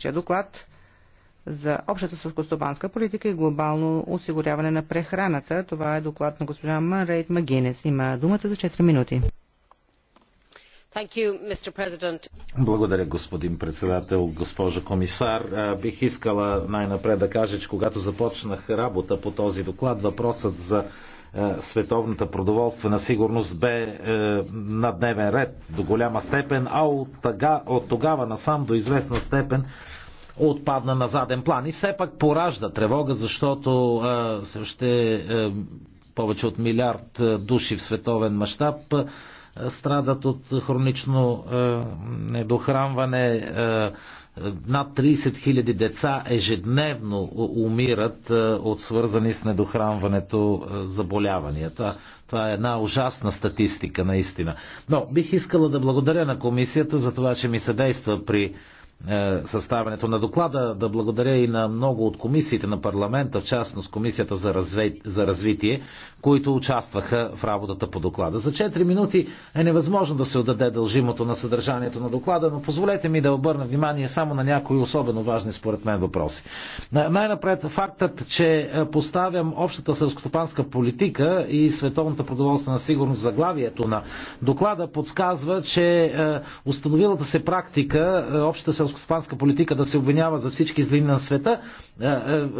Следващия доклад за общата сълскостопанска политика и глобално осигуряване на прехраната. Това е доклад на госпожа Марейт Магинес. Има думата за 4 минути. You, Благодаря, господин председател, госпожа комисар. Бих искала най-напред да кажа, че когато започнах работа по този доклад, въпросът за е, световната продоволствена сигурност бе е, на дневен ред до голяма степен, а от, тага, от тогава насам до известна степен отпадна на заден план. И все пак поражда тревога, защото е, ще повече от милиард души в световен мащаб страдат от хронично недохранване, над 30 000 деца ежедневно умират е, от свързани с недохранването е, заболяванията. Това е една ужасна статистика, наистина. Но бих искала да благодаря на комисията за това, че ми съдейства при е, съставянето на доклада. Да благодаря и на много от комисиите на парламента, в частност Комисията за, разве... за развитие, които участваха в работата по доклада. За 4 минути е невъзможно да се отдаде дължимото на съдържанието на доклада, но позволете ми да обърна внимание само на някои особено важни според мен въпроси. Най-напред фактът, че е, поставям общата сълскотопанска политика и световната продоволствена сигурност заглавието на доклада подсказва, че е, установилата се практика общата селскостопанска политика да се обвинява за всички злини на света, е, е,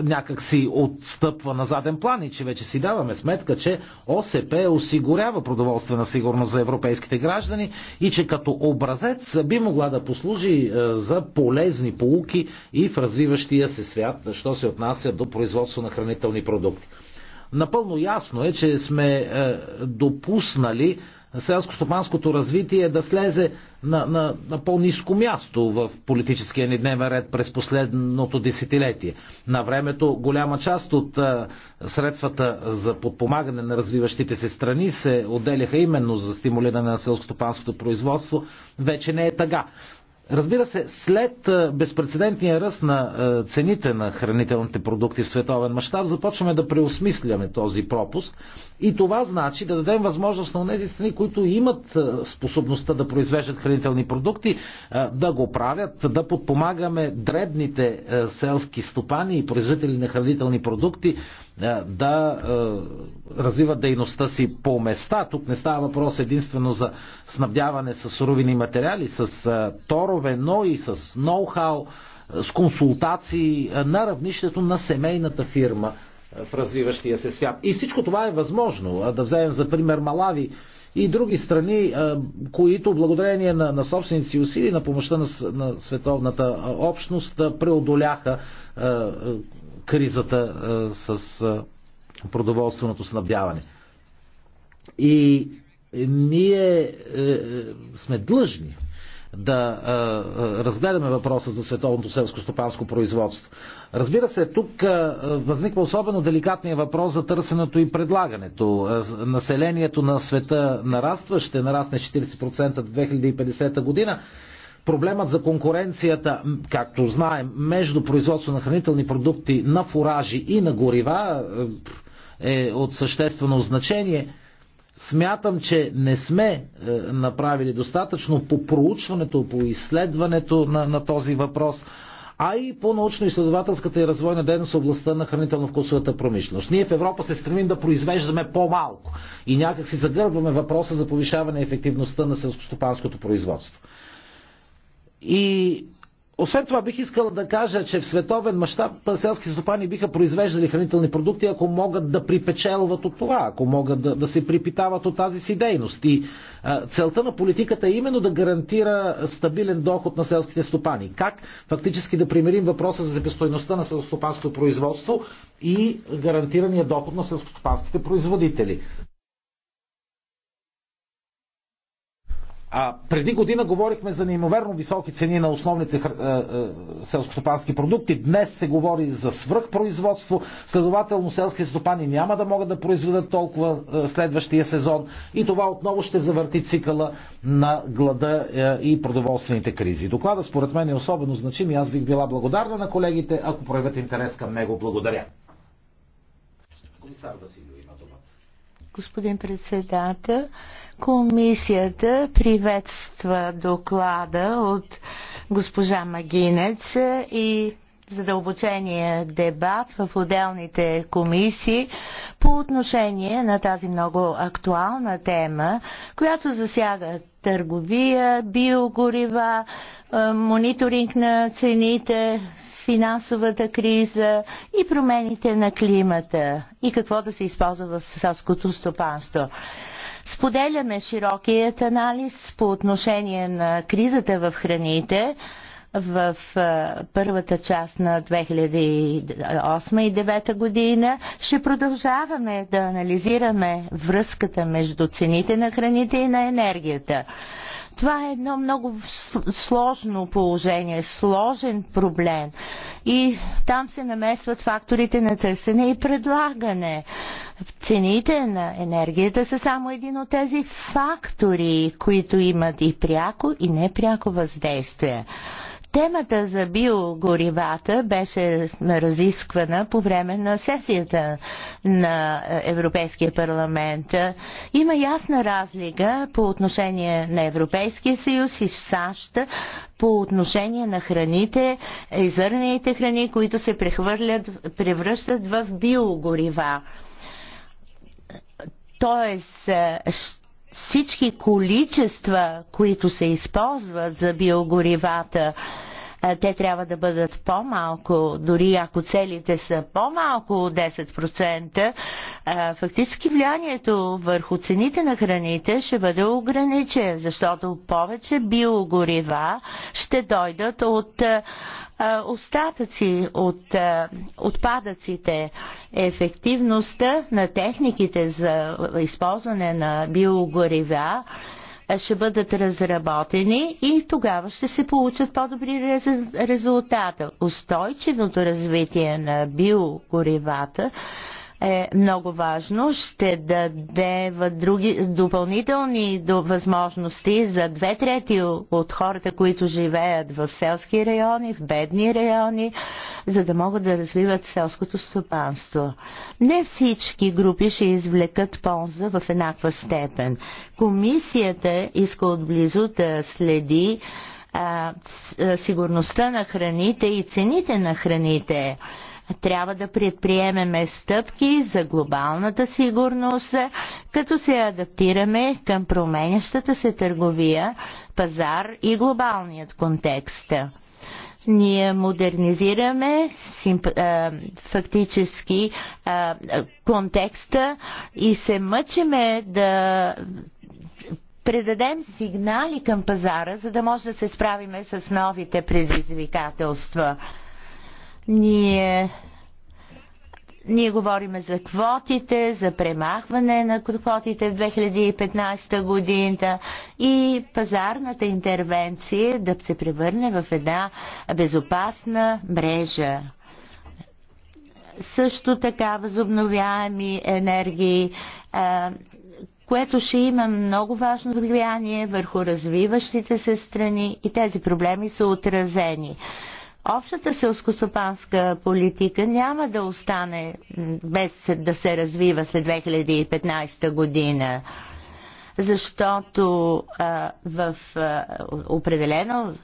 някак си отстъпва на заден план и че вече си даваме сметка, че ОСП осигурява продоволствена сигурност за европейските граждани и че като образец би могла да послужи е, за полезни полуки и в развиващия се свят, що се отнася до производство на хранителни продукти. Напълно ясно е, че сме допуснали селско-стопанското развитие да слезе на, на, на по-низко място в политическия ни дневен ред през последното десетилетие. На времето голяма част от а, средствата за подпомагане на развиващите се страни се отделяха именно за стимулиране на селско-стопанското производство. Вече не е така. Разбира се, след безпредседентния ръст на цените на хранителните продукти в световен мащаб, започваме да преосмисляме този пропуск. И това значи да дадем възможност на тези страни, които имат способността да произвеждат хранителни продукти, да го правят, да подпомагаме дребните селски стопани и производители на хранителни продукти, е, да е, развиват дейността си по места. Тук не става въпрос единствено за снабдяване с суровини материали, с е, торове, но и с ноу-хау, с консултации на равнището на семейната фирма в развиващия се свят. И всичко това е възможно. Да вземем за пример Малави, и други страни, които благодарение на, на собственици усилия, на помощта на, на световната общност, преодоляха кризата с продоволственото снабдяване. И ние е, е, сме длъжни да е, е, разгледаме въпроса за световното селско-стопанско производство. Разбира се, тук е, възниква особено деликатния въпрос за търсенето и предлагането. Населението на света нараства, ще нарасне 40% до 2050 година. Проблемът за конкуренцията, както знаем, между производство на хранителни продукти, на фуражи и на горива е от съществено значение – Смятам, че не сме е, направили достатъчно по проучването, по изследването на, на този въпрос, а и по научно-изследователската и развойна дейност в областта на хранително-вкусовата промишленост. Ние в Европа се стремим да произвеждаме по-малко и някак си загърбваме въпроса за повишаване ефективността на селскостопанското производство. И освен това бих искал да кажа, че в световен мащаб селски стопани биха произвеждали хранителни продукти, ако могат да припечелват от това, ако могат да, да се припитават от тази си дейност. И а, целта на политиката е именно да гарантира стабилен доход на селските стопани. Как фактически да примерим въпроса за себестойността на селскостопанското производство и гарантирания доход на селскостопанските производители. А преди година говорихме за неимоверно високи цени на основните е, е, селскостопански продукти. Днес се говори за свръхпроизводство. Следователно селски стопани няма да могат да произведат толкова е, следващия сезон. И това отново ще завърти цикъла на глада и продоволствените кризи. Доклада според мен е особено значим и аз бих била благодарна на колегите, ако проявят интерес към него. Благодаря. Комисар Василио има думата. Господин председател, Комисията приветства доклада от госпожа Магинец и задълбочения дебат в отделните комисии по отношение на тази много актуална тема, която засяга търговия, биогорива, е, мониторинг на цените, финансовата криза и промените на климата и какво да се използва в селското стопанство. Споделяме широкият анализ по отношение на кризата в храните в първата част на 2008 и 2009 година. Ще продължаваме да анализираме връзката между цените на храните и на енергията. Това е едно много сложно положение, сложен проблем. И там се намесват факторите на търсене и предлагане. Цените на енергията са само един от тези фактори, които имат и пряко и непряко въздействие. Темата за биогоривата беше разисквана по време на сесията на Европейския парламент. Има ясна разлика по отношение на Европейския съюз и в САЩ по отношение на храните и зърнените храни, които се превръщат в биогорива. Тоест, всички количества, които се използват за биогоривата, те трябва да бъдат по-малко, дори ако целите са по-малко от 10%, фактически влиянието върху цените на храните ще бъде ограничен, защото повече биогорива ще дойдат от остатъци от отпадъците, ефективността на техниките за използване на биогорива ще бъдат разработени и тогава ще се получат по-добри резултата. Устойчивото развитие на биогоривата е много важно. Ще даде други, допълнителни възможности за две трети от хората, които живеят в селски райони, в бедни райони, за да могат да развиват селското стопанство. Не всички групи ще извлекат полза в еднаква степен. Комисията иска отблизо да следи а, сигурността на храните и цените на храните трябва да предприемеме стъпки за глобалната сигурност, като се адаптираме към променящата се търговия, пазар и глобалният контекст ние модернизираме фактически контекста и се мъчиме да предадем сигнали към пазара, за да може да се справиме с новите предизвикателства. Ние ние говорим за квотите, за премахване на квотите в 2015 година и пазарната интервенция да се превърне в една безопасна мрежа. Също така възобновяеми енергии, което ще има много важно влияние върху развиващите се страни и тези проблеми са отразени. Общата селскостопанска политика няма да остане без да се развива след 2015 година, защото а, в а, определено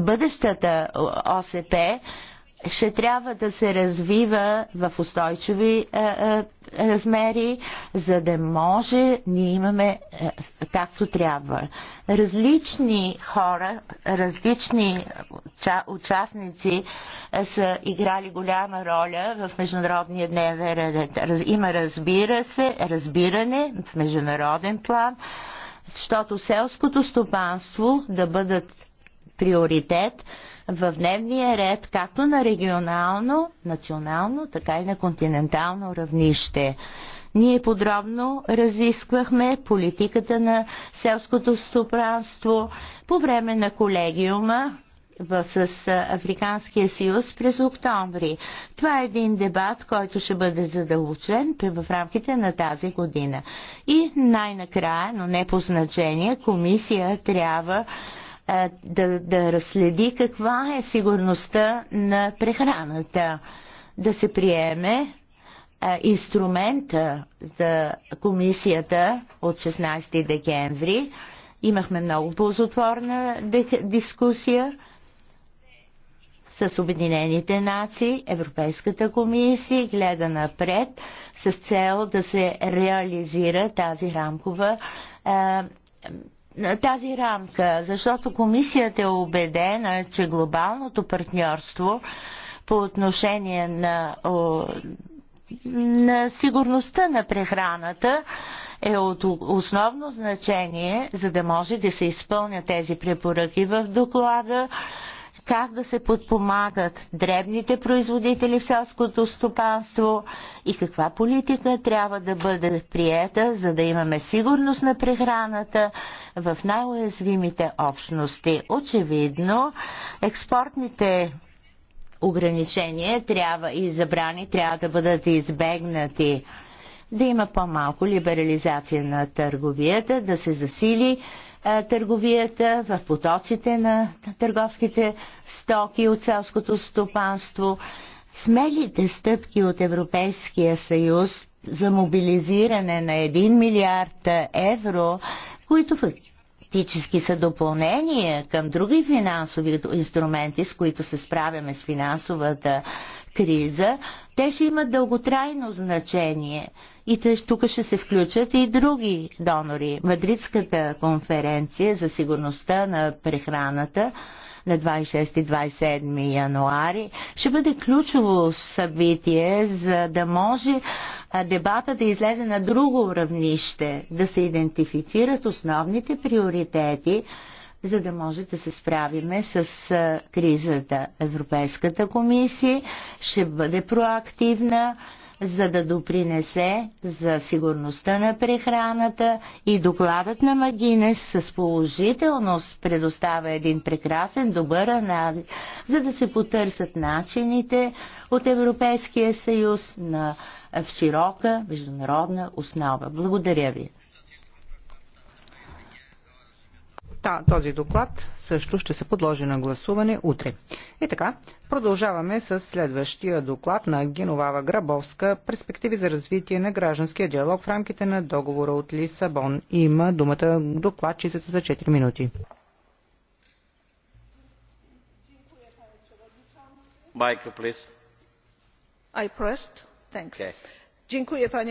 бъдещата ОСП ще трябва да се развива в устойчиви е, е, размери, за да може ние имаме е, както трябва. Различни хора, различни участници са играли голяма роля в международния дневен ред. Има разбира се, разбиране в международен план, защото селското стопанство да бъдат приоритет в дневния ред както на регионално, национално, така и на континентално равнище. Ние подробно разисквахме политиката на селското стопанство по време на колегиума с Африканския съюз през октомври. Това е един дебат, който ще бъде задълбочен в рамките на тази година. И най-накрая, но не по значение, комисия трябва е, да, да разследи каква е сигурността на прехраната, да се приеме е, инструмента за комисията от 16 декември. Имахме много ползотворна дискусия с Обединените нации, Европейската комисия гледа напред с цел да се реализира тази рамкова е, тази рамка, защото комисията е убедена, че глобалното партньорство по отношение на, на сигурността на прехраната е от основно значение, за да може да се изпълнят тези препоръки в доклада как да се подпомагат дребните производители в селското стопанство и каква политика трябва да бъде приета, за да имаме сигурност на прехраната в най-уязвимите общности. Очевидно, експортните ограничения трябва и забрани трябва да бъдат избегнати. Да има по-малко либерализация на търговията, да се засили е, търговията, в потоците на търговските стоки от селското стопанство. Смелите стъпки от Европейския съюз за мобилизиране на 1 милиард евро, които фактически са допълнение към други финансови инструменти, с които се справяме с финансовата криза, те ще имат дълготрайно значение и тъж тук ще се включат и други донори. Мадридската конференция за сигурността на прехраната на 26 и 27 януари ще бъде ключово събитие, за да може дебата да излезе на друго равнище, да се идентифицират основните приоритети, за да може да се справиме с кризата. Европейската комисия ще бъде проактивна, за да допринесе за сигурността на прехраната и докладът на Магинес с положителност предоставя един прекрасен, добър анализ, за да се потърсят начините от Европейския съюз на в широка международна основа. Благодаря ви. Та, този доклад също ще се подложи на гласуване утре. И така, продължаваме с следващия доклад на Геновава Грабовска «Перспективи за развитие на гражданския диалог в рамките на договора от Лисабон». Има думата докладчицата за 4 минути. Майка, please. I pressed. Thanks. Okay. Dziękuję, panie